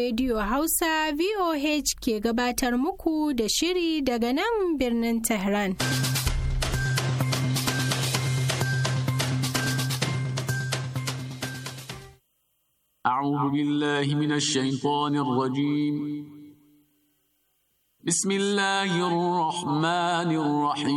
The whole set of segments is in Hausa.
Radiyo Hausa voh ke gabatar muku da shiri daga nan birnin tehran A'a wajen yi magana da shiga wajen yi magana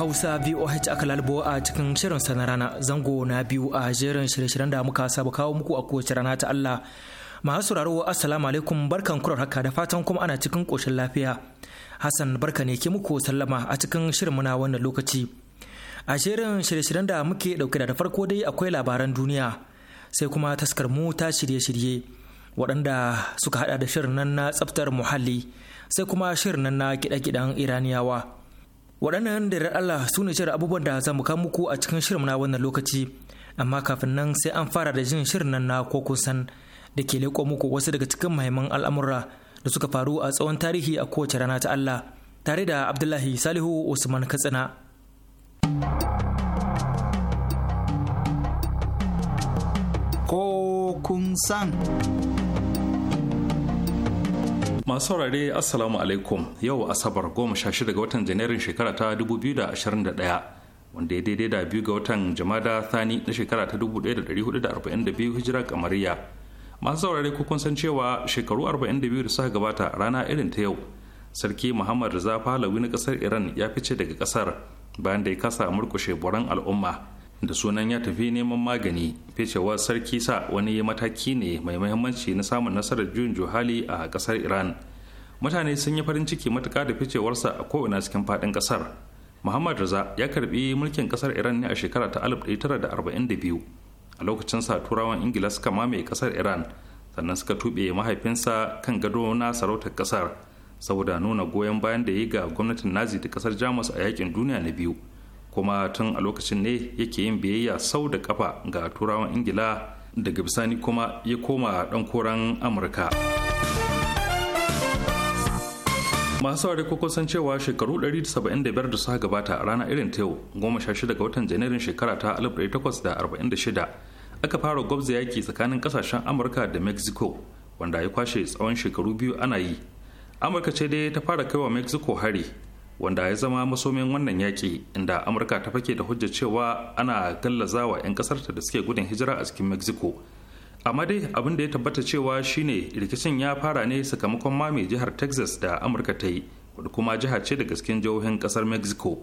Hausa VOH aka lalbo a cikin shirin sa na rana zango na biyu a jerin shirye-shiryen da muka saba kawo muku a kowace rana ta Allah. Masu sauraro assalamu alaikum barkan kurar haka da fatan kuma ana cikin koshin lafiya. Hassan barka ne ke muku sallama a cikin shirin muna wannan lokaci. A jerin shirye-shiryen da muke dauke da farko dai akwai labaran duniya sai kuma taskar mu ta shirye-shirye waɗanda suka hada da shirin nan na tsaftar muhalli sai kuma shirin nan na gida-gidan Iraniyawa. waɗannan da Allah su ne shirin abubuwan da za mu kawo muku a cikin shirin na wannan lokaci amma kafin nan sai an fara da jin shirin nan na ko san da ke leƙo muku wasu daga cikin mahimman al'amura da suka faru a tsawon tarihi a kowace rana ta Allah tare da Abdullahi Salihu Usman Katsina. Ko kun san. masu saurare assalamu alaikum yau asabar goma sha shida ga watan janairun shekara ta 2021 wanda ya daidai da biyu ga watan Jamada thani na shekara ta 1442 hijira kamariya masu saurare kun san cewa shekaru 42 da suka gabata rana irin ta yau sarki muhammad Riza lawi na kasar iran ya fice daga kasar bayan da ya kasa murkushe buran al'umma da sunan ya tafi neman magani fecewar sarki sa wani mataki ne mai mahimmanci na samun nasarar juyin juhali a kasar iran mutane sun yi farin ciki matuka da ficewarsa a kowane cikin fadin kasar muhammad raza ya karbi mulkin kasar iran ne a shekara ta 1942 a lokacin sa turawan ingila suka mamaye kasar iran sannan suka tuɓe mahaifinsa kan gado na sarautar kasar saboda nuna goyon bayan da ya yi ga gwamnatin nazi da kasar jamus a yakin duniya na biyu kuma tun a lokacin ne yake yin biyayya sau da kafa ga turawan ingila daga bisani kuma ya koma ɗan koran amurka masu saurari ko kusan cewa shekaru 175 da suka gabata a rana irin ta yau 16 ga watan janairun shekara ta 1846 aka fara gwabza yaki tsakanin kasashen amurka da mexico wanda ya kwashe tsawon shekaru biyu ana yi amurka ce dai ta fara kaiwa mexico hari wanda ya zama masomin wannan yaƙi inda amurka ta fake da hujjar cewa ana gallaza wa 'yan ƙasarta da suke gudun hijira a cikin mexico amma dai abin da ya tabbata cewa shine rikicin ya fara ne sakamakon mame jihar texas da amurka ta yi wadda kuma jiha ce daga cikin jihohin kasar mexico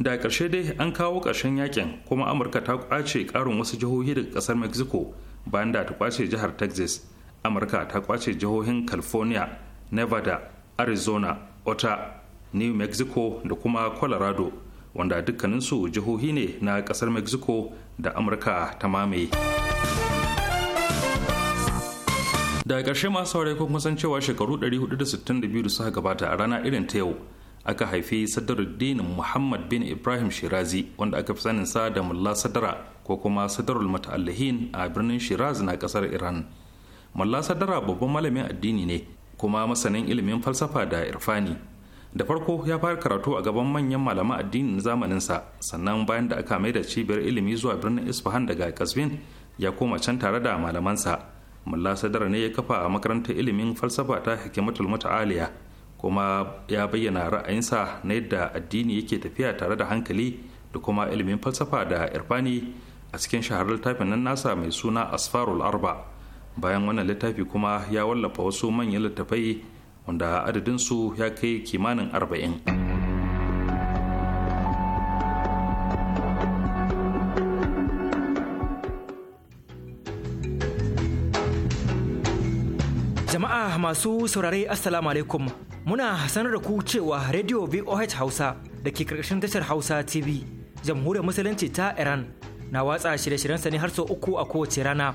da ƙarshe dai an kawo karshen yakin kuma amurka ta kwace ƙarin wasu jihohi daga ƙasar mexico bayan da ta kwace jihar texas amurka ta kwace jihohin california nevada arizona utah new mexico da kuma colorado wanda dukkaninsu jihohi ne na kasar mexico da amurka ta mamaye da ƙarshe masu saurari kuma cewa shekaru 462 da suka gabata a rana irin ta yau aka haifi sadaruddin muhammad bin ibrahim shirazi wanda aka fi sanin sa da mulla sadara ko kuma sadarul mata'allihin a birnin shiraz na kasar iran mulla sadara babban malamin addini ne kuma masanin ilimin falsafa da irfani da farko ya fara karatu a gaban manyan malaman addinin zamaninsa sannan bayan da aka maida cibiyar ilimi zuwa birnin isfahan daga kasbin ya koma can tare da malamansa mulla sadar ne ya kafa a makarantar ilimin falsafa ta hikimatul muta'aliya kuma ya bayyana ra'ayinsa na yadda addini yake tafiya tare da hankali da kuma ilimin falsafa da irfani a cikin shaharar littafin nan nasa mai suna asfarul arba bayan wannan littafi kuma ya wallafa wasu manyan littafai wanda su ya kai kimanin arba'in. jama'a masu saurare assalamu alaikum muna sanar da ku cewa radio voh hausa da ke karkashin tashar hausa tv jamhuriyar musulunci ta iran na watsa shirye shiryen ne har sau uku a kowace rana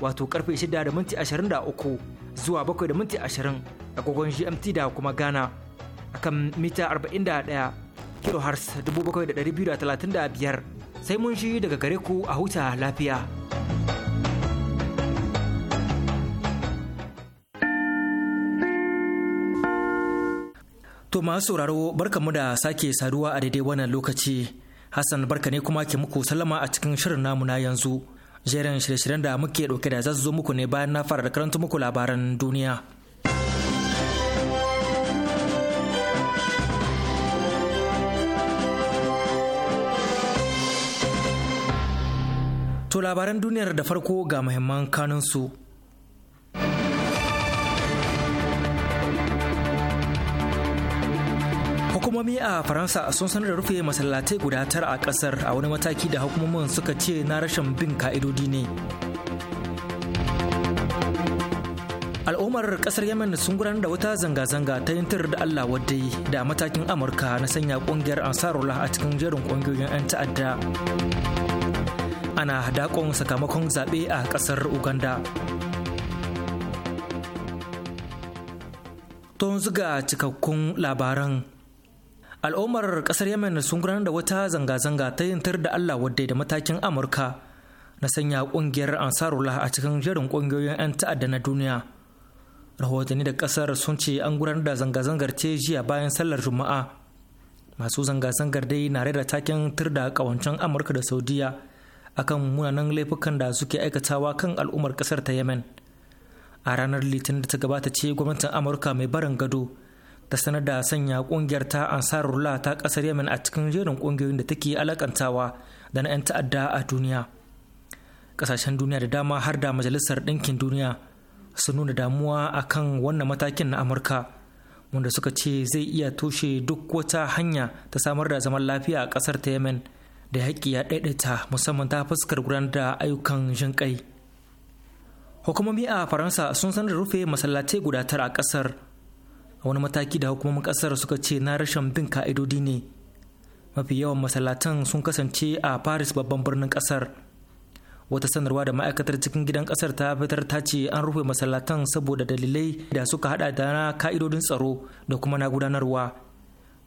wato karfe 6 da minti 23 zuwa 7 da minti 20 agogon GMT da kuma Ghana akan mita 41 kilohertz 7235 sai mun shi daga gare ku a huta lafiya. To masu sauraro barkanmu da sake saduwa a daidai wannan lokaci. Hassan barka ne kuma ke muku salama a cikin shirin namu na yanzu. jerin shirye-shiryen da muke ɗauke da za zo muku ne bayan na fara da karanta muku labaran duniya to labaran duniyar da farko ga muhimman kanunsu hukumomi a faransa sun sanar da rufe masallatai guda tara a kasar a wani mataki da hukumomin suka ce na rashin bin ka'idodi ne al'ummar kasar yemen sun gudanar da wata zanga-zanga ta yintar da allah wadai da matakin amurka na sanya kungiyar ansarullah a cikin jerin kungiyoyin 'yan ta'adda ana dakon sakamakon zaɓe a ƙasar uganda to yanzu cikakkun labaran al'ummar kasar yemen sun gudanar da wata zanga-zanga ta yin tar da allah wadda da matakin amurka na sanya kungiyar ansarullah a cikin jerin kungiyoyin 'yan ta'adda na duniya rahotanni da kasar sun ce an gudanar da zanga-zangar ce jiya bayan sallar juma'a masu zanga-zangar dai na da takin tar da kawancen amurka da saudiya akan munanan laifukan da suke aikatawa kan al'ummar kasar ta yemen a ranar litinin da ta gabata ce gwamnatin amurka mai barin gado ta sanar da sanya kungiyar ta ansarullah ta kasar yemen a cikin jerin kungiyoyin da take alakantawa da na 'yan ta'adda a duniya kasashen duniya da dama har da majalisar ɗinkin duniya sun nuna damuwa a kan wannan matakin na amurka wanda suka ce zai iya toshe duk wata hanya ta samar da zaman lafiya a kasar ta yemen da yaƙi ya ɗaiɗaita musamman ta fuskar gudanar da ayyukan jinƙai hukumomi a faransa sun sanar da rufe masallatai guda tara a kasar. a wani mataki da hukumomin kasar suka ce na rashin bin ka'idodi ne mafi yawan masallatan sun kasance a paris babban birnin kasar wata sanarwa da ma'aikatar cikin gidan kasar ta fitar ta ce an rufe masallatan saboda dalilai da suka hada da na ka'idodin tsaro da kuma na gudanarwa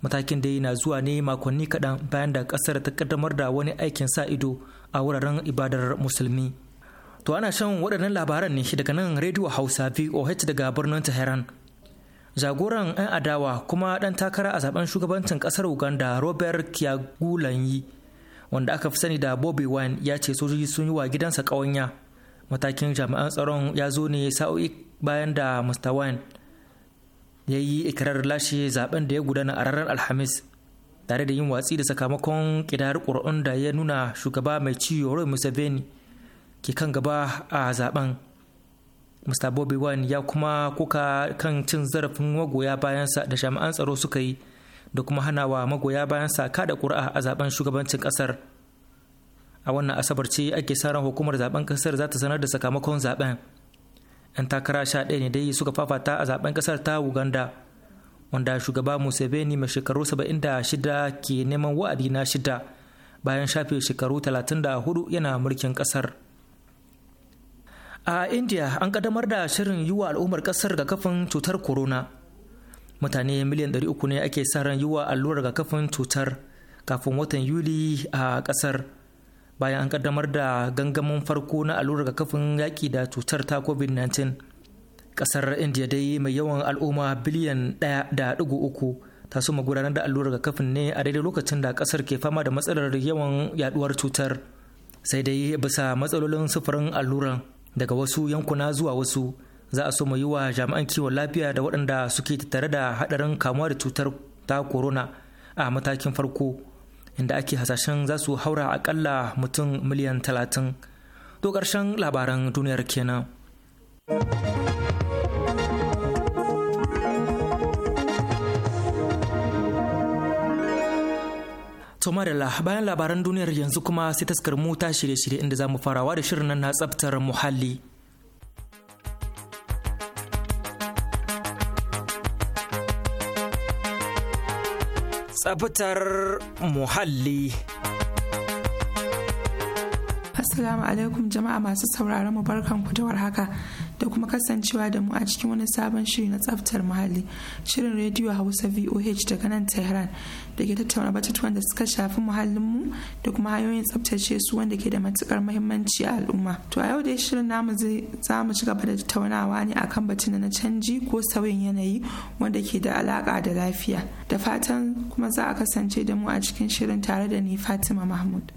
matakin da na zuwa ne makonni kaɗan bayan da kasar ta kaddamar da wani aikin sa ido a wuraren ibadar musulmi to ana shan waɗannan labaran ne daga nan rediyo hausa voh daga birnin tehran jagoran 'yan adawa kuma dan takara a zaben shugabancin kasar uganda robert kyagulanyi wanda aka fi sani da bobby wine ya ce sojoji sun yi wa gidansa kawanya matakin jami'an tsaron ya zo ne sa'o'i bayan da mr wine ya yi ikirar lashe zaben da ya gudana a ranar alhamis tare da yin watsi da sakamakon kidar ƙuri'un da ya nuna shugaba mai ciwo roy museveni ke kan gaba a zaben Mr. Bobby Wine ya kuma kuka kan cin zarafin magoya bayansa da jami'an tsaro suka yi da kuma hana wa magoya bayansa kada ƙuri'a a zaben shugabancin ƙasar. A wannan asabar ce ake sa ran hukumar zaben ƙasar za ta sanar da sakamakon zaben. 'Yan takara sha ɗaya ne dai suka fafata a zaben ƙasar ta Uganda wanda shugaba Museveni mai shekaru da shida ke neman wa'adi na shida bayan shafe shekaru talatin da hudu yana mulkin ƙasar. a india an ƙaddamar da shirin yi wa al'ummar ƙasar kafin cutar corona mutane miliyan 300 ne ake sa ran yi wa allurar kafin cutar kafin watan yuli a ƙasar bayan an ƙaddamar da gangamin farko na allurar kafin yaki da cutar ta covid-19 ƙasar india dai mai yawan al'umma biliyan 1.3 ta suma gudanar da allurar kafin ne a daidai lokacin da kasar ke fama da matsalar yawan yaduwar cutar sai dai bisa matsalolin sufurin alluran daga wasu yankuna zuwa wasu za a so mu yi wa jami'an kiwon lafiya da waɗanda suke tattare da haɗarin kamuwa da cutar ta corona a matakin farko inda ake hasashen za su haura akalla mutum miliyan talatin to ƙarshen labaran duniyar kenan. da bayan labaran duniyar yanzu kuma sai taskar mu ta shirye-shirye inda za mu farawa da shirin nan na tsabtar muhalli. Tsabtar muhalli. Assalamu alaikum jama'a masu sauraron mu barkan ku da warhaka. haka. da kuma kasancewa da mu a cikin wani sabon shiri na tsaftar muhalli shirin rediyo hausa voh daga nan tehran da ke tattauna batutuwan da suka shafi muhallinmu da kuma hanyoyin tsaftace su wanda ke da matukar muhimmanci a al'umma to a yau dai shirin namu za mu ci gaba da tattaunawa ne akan batun na canji ko sauyin yanayi wanda ke da alaka da lafiya da fatan kuma za a kasance da mu a cikin shirin tare da ni fatima mahmud.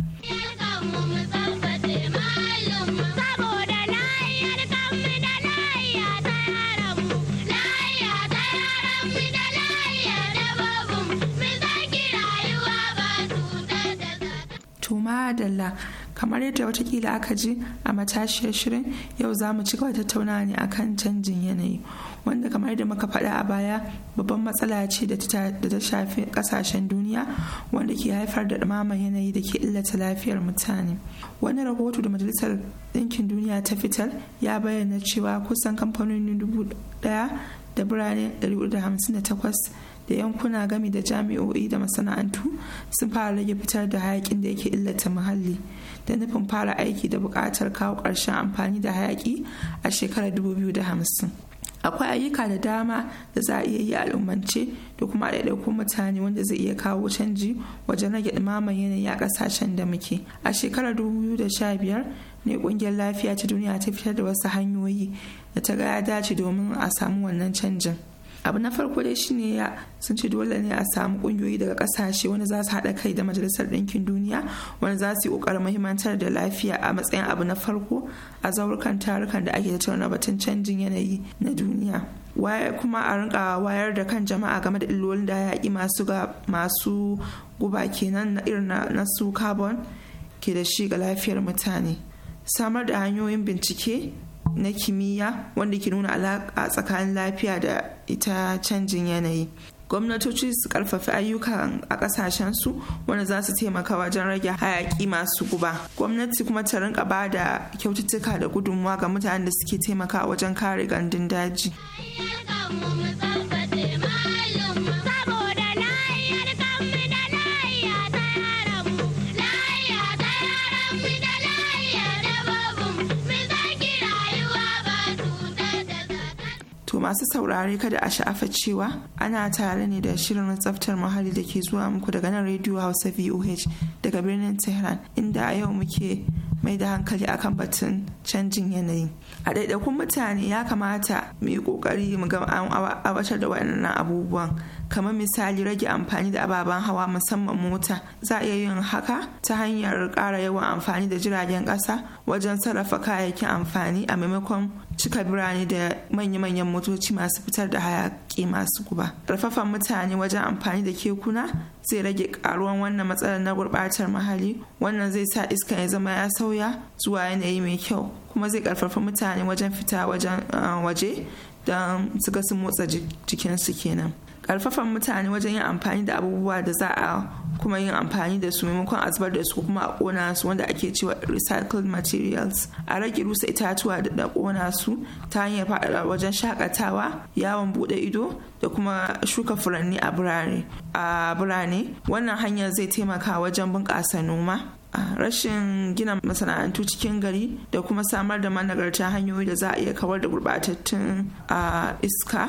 dalla kamar yadda watakila aka ji a matashiyar shirin yau za mu ci gaba tattaunawa ne akan canjin yanayi wanda kamar yadda muka faɗa a baya babban matsala ce da ta shafi ƙasashen duniya wanda ke haifar da ɗumaman yanayi da ke illata lafiyar mutane wani rahoto da majalisar ɗinkin duniya ta fitar ya bayyana cewa kusan kamfanoni dubu ɗaya da birane 158 da yankuna gami da jami'o'i da masana'antu sun fara rage fitar da hayakin da yake illata muhalli da nufin fara aiki da buƙatar kawo ƙarshen amfani da hayaki a shekarar 2050 akwai ayyuka da dama da za a iya yi al'ummance da kuma ɗaiɗaikun mutane wanda zai iya kawo canji wajen rage ɗumaman yanayi a ƙasashen da muke a shekarar 2015 ne ƙungiyar lafiya ta duniya ta fitar da wasu hanyoyi da ta gaya dace domin a samu wannan canjin abu na farko dai shine ya sun ce dole ne a samu kungiyoyi daga kasashe wani za su haɗa kai da majalisar ɗinkin duniya wani za su yi ƙoƙarin mahimmantar da lafiya a matsayin abu na farko a zaurukan tarukan da ake tattauna batun canjin yanayi na duniya kuma a rinka wayar da kan jama'a game da illolin da yaƙi masu ga masu guba kenan na irin na su carbon ke da shi ga lafiyar mutane samar da hanyoyin bincike na kimiyya wanda ke nuna alaƙa tsakanin lafiya da ita canjin yanayi gwamnatoci su karfafi ayyukan a kasashen su wanda za su taimaka wajen rage hayaki masu guba gwamnati kuma ta rinka ba da kyaututtuka da gudunmuwa ga mutanen da suke taimaka wajen kare gandun daji masu saurare kada a sha'afa cewa ana tare ne da shirin tsaftar muhalli da ke zuwa muku daga nan rediyo hausa voh daga birnin tehran inda a yau muke mai da hankali akan batun canjin yanayi a ɗaiɗaikun mutane ya kamata mu yi ƙoƙari mu ga an awatar da waɗannan abubuwan kamar misali rage amfani da ababen hawa musamman mota za a iya yin haka ta hanyar ƙara yawan amfani da jiragen ƙasa wajen sarrafa kayayyakin amfani a maimakon cika birane da manya-manyan motoci masu fitar da hayaƙi masu guba rafafan mutane wajen amfani da kekuna zai rage ƙaruwan wannan matsalar na gurɓatar muhalli wannan zai sa iska ya zama ya sauya zuwa yanayi mai kyau kuma zai ƙarfafa mutane wajen fita eh, waje don su ga su motsa jikinsu kenan karfafan mutane wajen yin amfani da abubuwa da za a kuma yin amfani da su maimakon a zubar da su kuma a kona su wanda ake cewa recycled materials a rage rusa itatuwa da kona su ta hanyar faɗaɗa wajen shakatawa yawon buɗe ido da kuma shuka furanni a birane a birane wannan hanyar zai taimaka wajen bunƙasa noma rashin gina masana'antu cikin gari da kuma samar da managartan hanyoyi da za a iya kawar da gurbatattun iska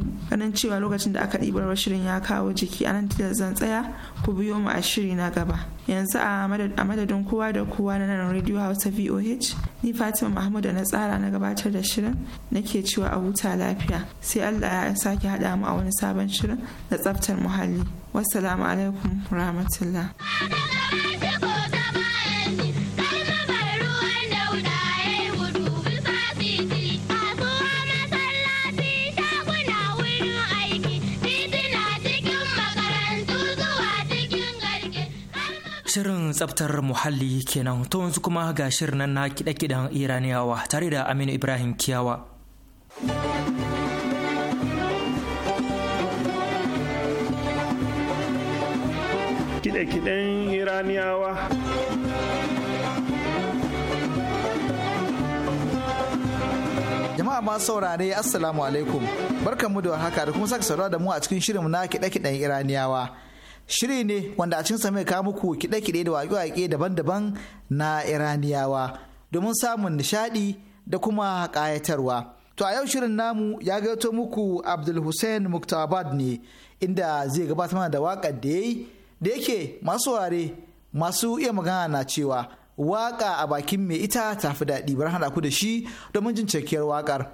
ganin cewa lokacin da aka ɗibar shirin ya kawo jiki anan da zan tsaya ku biyo mu a shiri na gaba yanzu a madadin kowa da kowa na nan radio hausa voh ni fatima mahmud na tsara na gabatar da shirin nake cewa a huta lafiya sai allah ya sake haɗa mu a wani sabon shirin na tsaftar muhalli wassalamu alaikum rahmatullah Shirin tsaftar muhalli kenan to yanzu kuma ga shirin nan na kiɗe-kiɗen Iraniyawa tare da Aminu Ibrahim Kiyawa. Kiɗe-kiɗen Iraniyawa. Jama'a ma saurare Assalamu alaikum. Barkanmu da warhaka da kuma saka saurara da mu a cikin shirin na kiɗe-kiɗen Iraniyawa. shiri ne wanda a cinsa mai kawo muku kiɗe-kiɗe da waƙe-waƙe daban-daban na iraniyawa domin samun nishaɗi da kuma ƙayatarwa to a yau shirin namu ya gaito muku abdul hussein muktabad ne inda zai gabata mana da waƙar da ya yi da yake masu ware masu iya magana na cewa waƙa a bakin mai ita tafi daɗi bar hana ku da shi domin jin cikakkiyar waƙar.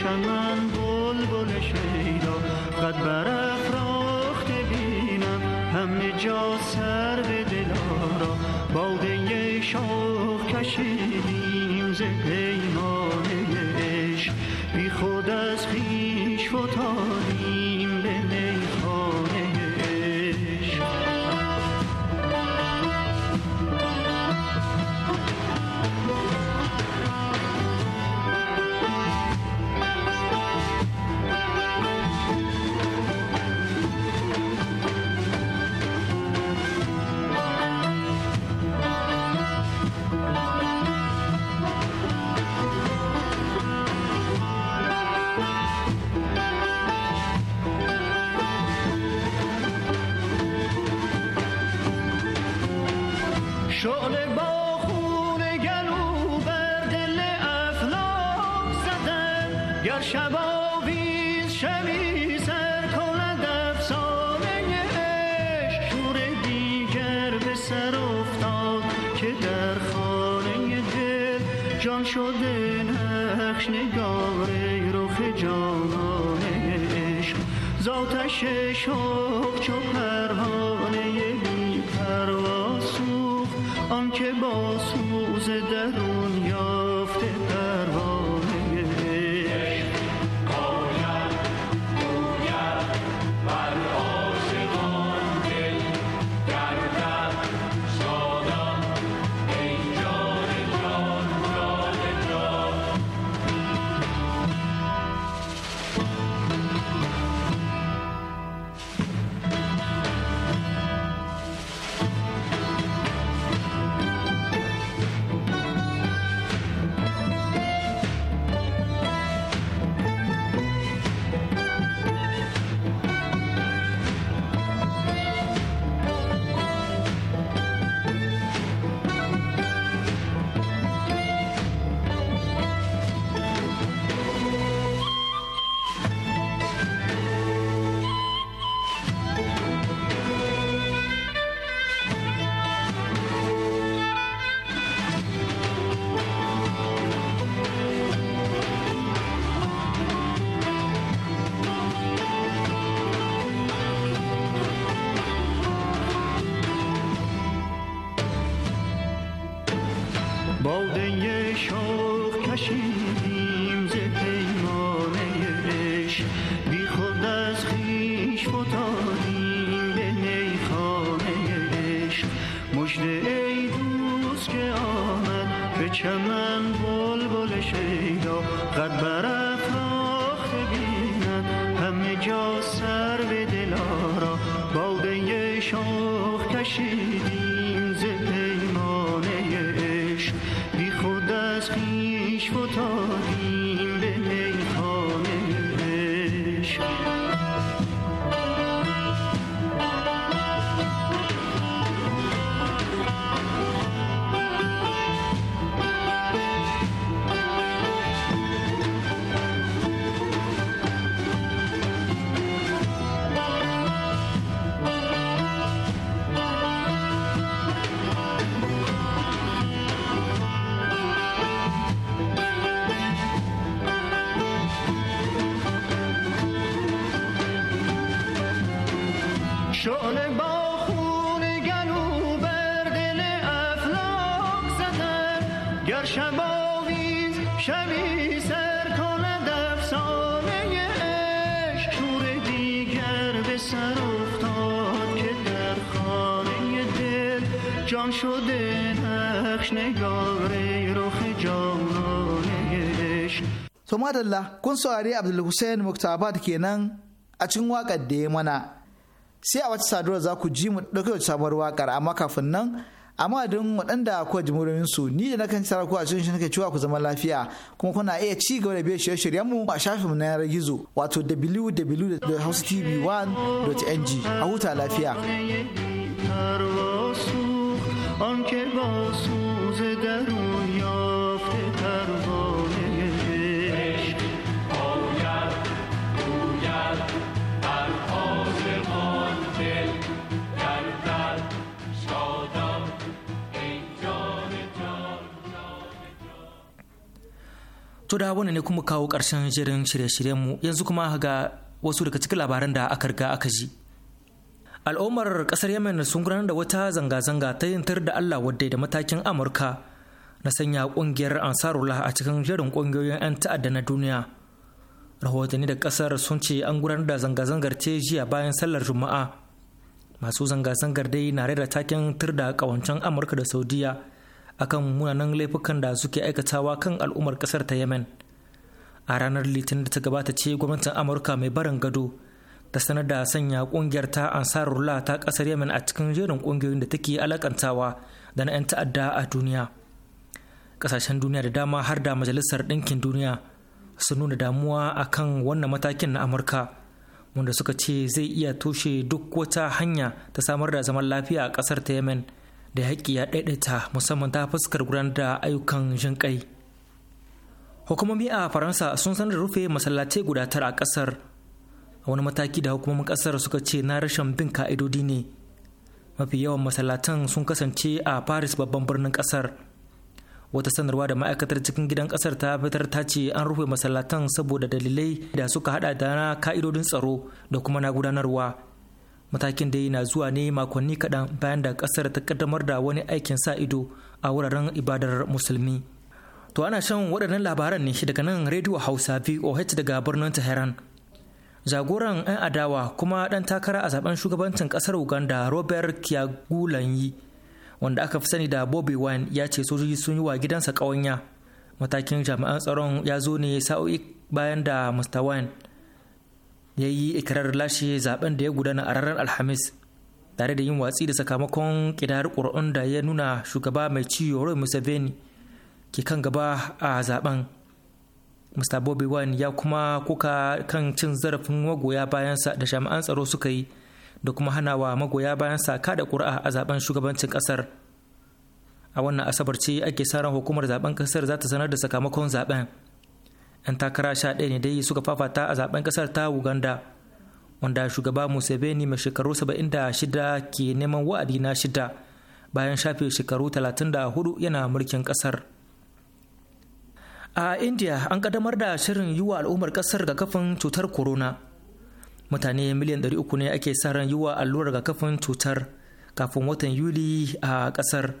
چمن بل بل شیدا قد برافراخت بینم همه جا سر به دلارا باده شاخ کشیدی گر شب آویز شبی سر کند افسانه شور دیگر به سر افتاد که در خانه دل جان شده نقش نگاره رخ جانان عشق ذاتش شد botón. شباویز شبی سر کند افسانه اش شور دیگر به سر افتاد که در خانه دل جان شده نقش رخ جانانه اش to madalla kun saurari abdul hussein muktabat kenan a cikin wakar da ya mana sai a wata saduwar za ku ji mu ɗauke da sabuwar wakar amma kafin nan amma don waɗanda kuwa jimurorin su ni da nakan tsara ku a cikin shirin cewa ku zama lafiya kuma kuna iya ci gaba da biyan shirye-shiryen mu a shafin na yanar gizo wato www.housetv1.ng a huta lafiya To da wani ne kuma kawo ƙarshen shirin shirye-shiryenmu yanzu kuma ga wasu daga cikin labaran da aka riga aka ji. Al'ummar ƙasar Yemen sun gudanar da wata zanga-zanga ta yin tar da Allah wadda da matakin Amurka na sanya ƙungiyar Ansarullah a cikin jerin ƙungiyoyin 'yan ta'adda na duniya. Rahotanni da ƙasar sun ce an gudanar da zanga-zangar ce jiya bayan sallar Juma'a. Masu zanga-zangar dai na da tar da ƙawancen Amurka da Saudiya akan munanan laifukan da suke aikatawa kan al'ummar kasar ta yemen a ranar litinin da ta gabata ce gwamnatin amurka mai barin gado ta sanar da sanya kungiyar ta ansarullah ta kasar yemen a cikin jerin kungiyoyin da take alakantawa da na 'yan ta'adda a duniya kasashen duniya da dama har da majalisar ɗinkin duniya sun nuna damuwa akan wannan matakin na amurka wanda suka ce zai iya toshe duk wata hanya ta samar da zaman lafiya a kasar ta yemen da yaƙi ya ɗaiɗaita musamman ta fuskar gudanar da ayyukan jinƙai. Hukumomi a Faransa sun sanar da rufe masallatai guda tara a ƙasar a wani mataki da hukumomin ƙasar suka ce na rashin bin ka'idodi ne. Mafi yawan masallatan sun kasance a Paris babban birnin ƙasar. Wata sanarwa da ma'aikatar cikin gidan ƙasar ta fitar ta ce an rufe masallatan saboda dalilai da suka haɗa da na ka'idodin tsaro da kuma na gudanarwa. matakin da na zuwa ne makonni kaɗan bayan da ƙasar ta kaddamar da wani aikin sa ido a wuraren ibadar musulmi to ana shan waɗannan labaran ne daga nan rediyo hausa voh daga birnin tehran jagoran 'yan adawa kuma ɗan takara a zaben shugabancin ƙasar uganda robert kyagulanyi wanda aka fi sani da bobby wine ya ce sojoji sun yi wa gidansa ƙawanya matakin jami'an tsaron ya zo ne sa'o'i bayan da mr wine ya yi ikirar lashe zaben da ya gudana a ranar alhamis tare da yin watsi da sakamakon kidar ƙuri'un da ya nuna shugaba mai ci yoro museveni ke kan gaba a zaben mr bobby wine ya kuma kuka kan cin zarafin magoya bayansa da jami'an tsaro suka yi da kuma hanawa magoya bayansa kada ƙuri'a a zaben shugabancin ƙasar a wannan asabar ce ake sa ran hukumar zaben ƙasar za ta sanar da sakamakon zaben 'yan takara sha ɗaya ne dai suka fafata a zaben ƙasar ta uganda wanda shugaba museveni mai shekaru 76 ke neman wa'adi na shida bayan shafe shekaru 34 yana mulkin ƙasar a india an ƙaddamar da shirin yi wa al'ummar ƙasar kafin cutar corona mutane miliyan 300 ne ake sa ran yi wa allurar kafin cutar kafin watan yuli a ƙasar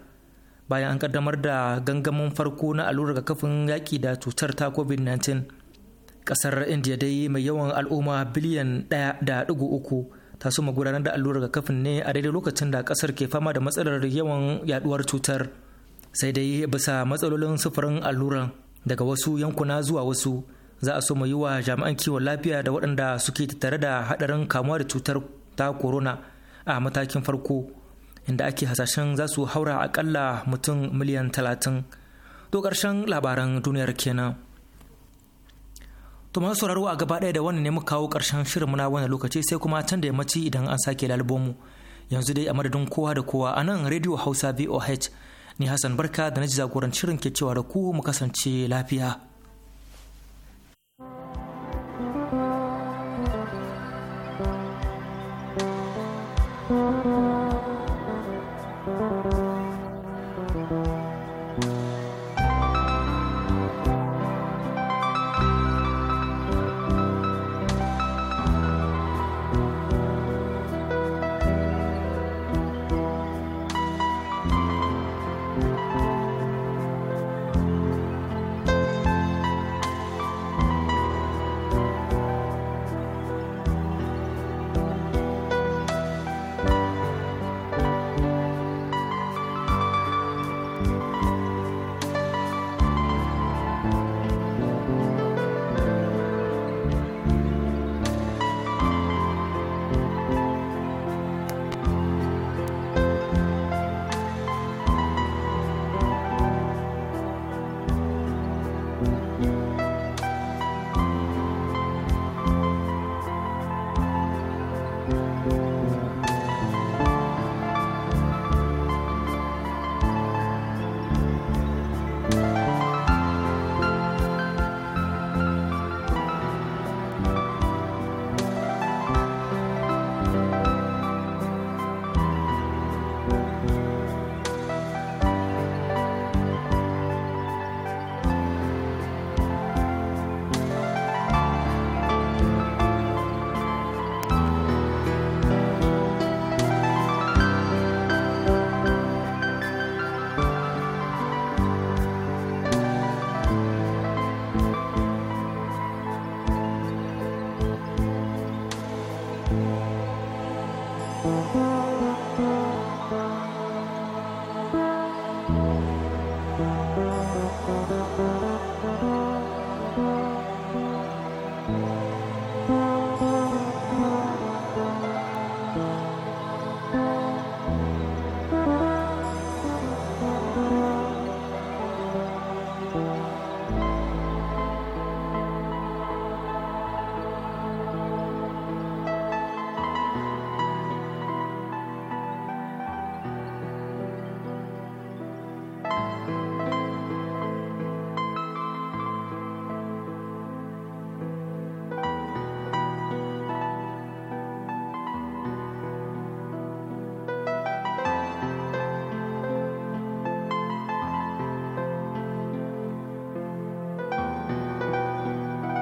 bayan an kaddamar da gangamin farko na allurar kafin yaƙi da cutar ta covid-19 ƙasar india dai mai yawan al'umma biliyan 1.3 ta suma gudanar da allurar kafin ne a daidai lokacin da ƙasar ke fama da matsalar yawan yaduwar cutar sai dai bisa matsalolin sufurin alluran daga wasu yankuna zuwa wasu za a so mu yi wa jami'an kiwon lafiya da waɗanda suke tattare da haɗarin kamuwa da cutar ta corona a matakin farko inda ake hasashen za su haura akalla mutum miliyan talatin to ƙarshen labaran duniyar kenan to masu sauraro a gaba ɗaya da wannan ne mu kawo ƙarshen shirin muna wani lokaci sai kuma can da yammaci idan an sake lalbomu yanzu dai a madadin kowa da kowa a nan rediyo hausa voh ni hassan barka da na ji jagorancin shirin ke cewa da ku mu kasance lafiya Thank you.